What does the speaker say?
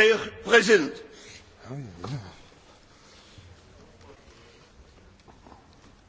Herr Präsident! Oh, no.